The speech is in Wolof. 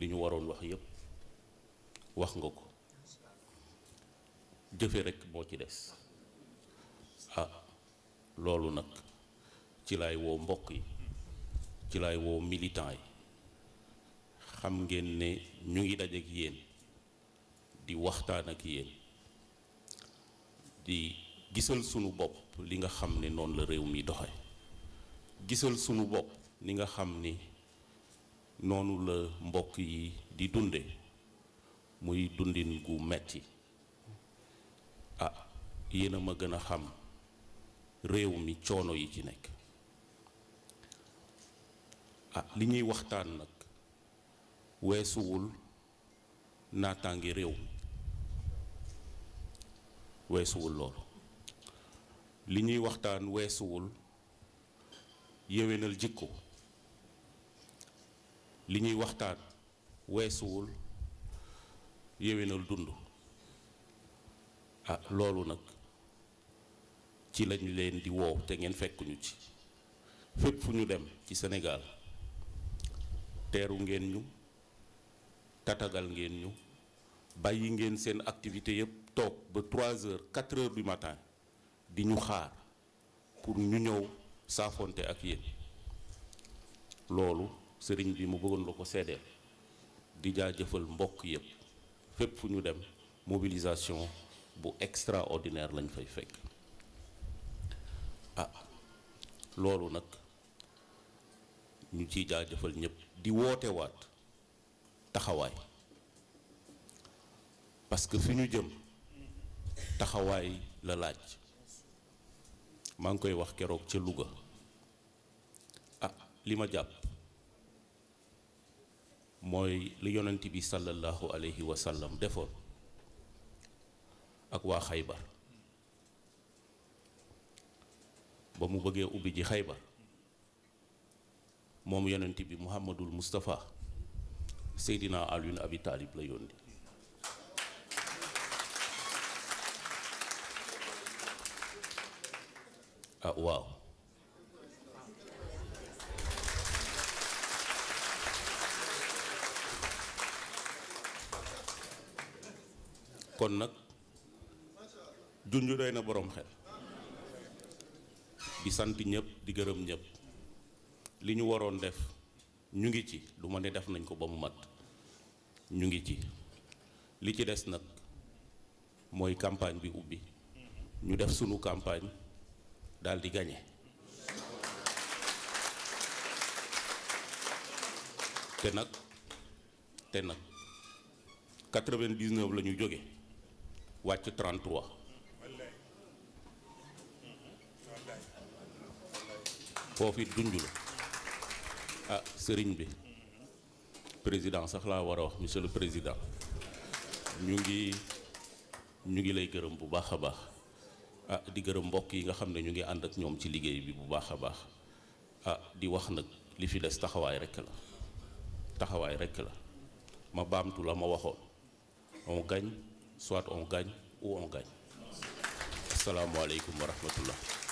li ñu waroon wax yépp wax nga ko jëfe rekk moo ci des ah loolu nag ci lay woo mbokk yi ci lay woo militan yi xam ngeen ne ñu ngi daje ak yéen di waxtaan ak yéen di gisal sunu bopp li nga xam ne noonu la réew mi doxe gisal sunu bopp li nga xam ni noonu la mbokk yi di dunde muy dundin metti ah yéen a ma gën a xam réew mi coono yi ci nekk ah, li ñuy waxtaan nag weesuwul naataange réew mi weesuwul loolu li ñuy waxtaan weesuwul yéwénal jikko li ñuy waxtaan weesuwul yéwénal dund ah loolu nag ci lañ leen di woow te ngeen ñu ci fépp fu ñu dem ci Sénégal teeru ngeen ñu tatagal ngeen ñu bàyyi ngeen seen activité yépp toog ba 3 heures 4 heures du matin di ñu xaar pour ñu ñëw saafonte ak yéen loolu sëriñ bi mu bëggon lako ko seedeel di jaajëfal mbokk yépp fep fu ñu dem mobilisation bu extraordinaire lañ fay fekk ah loolu nak ñu ciy jaajëfal ñëpp di woté waat taxaway parce que fi ñu jëm taxaway la laaj maa koy wax kérok ci Louga ah lima japp mooy li yonent bi sallallahu alayhi wa defoon ak waa xaybar ba mu bëggee ubbi ji xaybar moom yonent bi muhammadul Moustapha Seydina Alioune Abi la yónni ah, waaw kon nag junj doy na boroom xel di sant ñëpp di gërëm ñëpp li ñu waroon def ñu ngi ci lu ma ne def nañ ko ba mu mat ñu ngi ci li ci des nag mooy campagne bi ubbi ñu def sunu campagne daldi di gañe te nag te nag 99 la ñu jóge wàcc 33 foofu it ah sëriñ bi président sax laa war wax monsieur le président ñu ngi ñu ngi lay gërëm bu baax ah di gërëm mbokk yi nga xam ñu ngi ànd ak ñoom ci liggéey bi bu baax ah di wax nag li fi des taxawaay rekk la taxawaay la ma la ma gagne soit on gagne ou on gagne. Assalamu alaikum wa rahmatullah.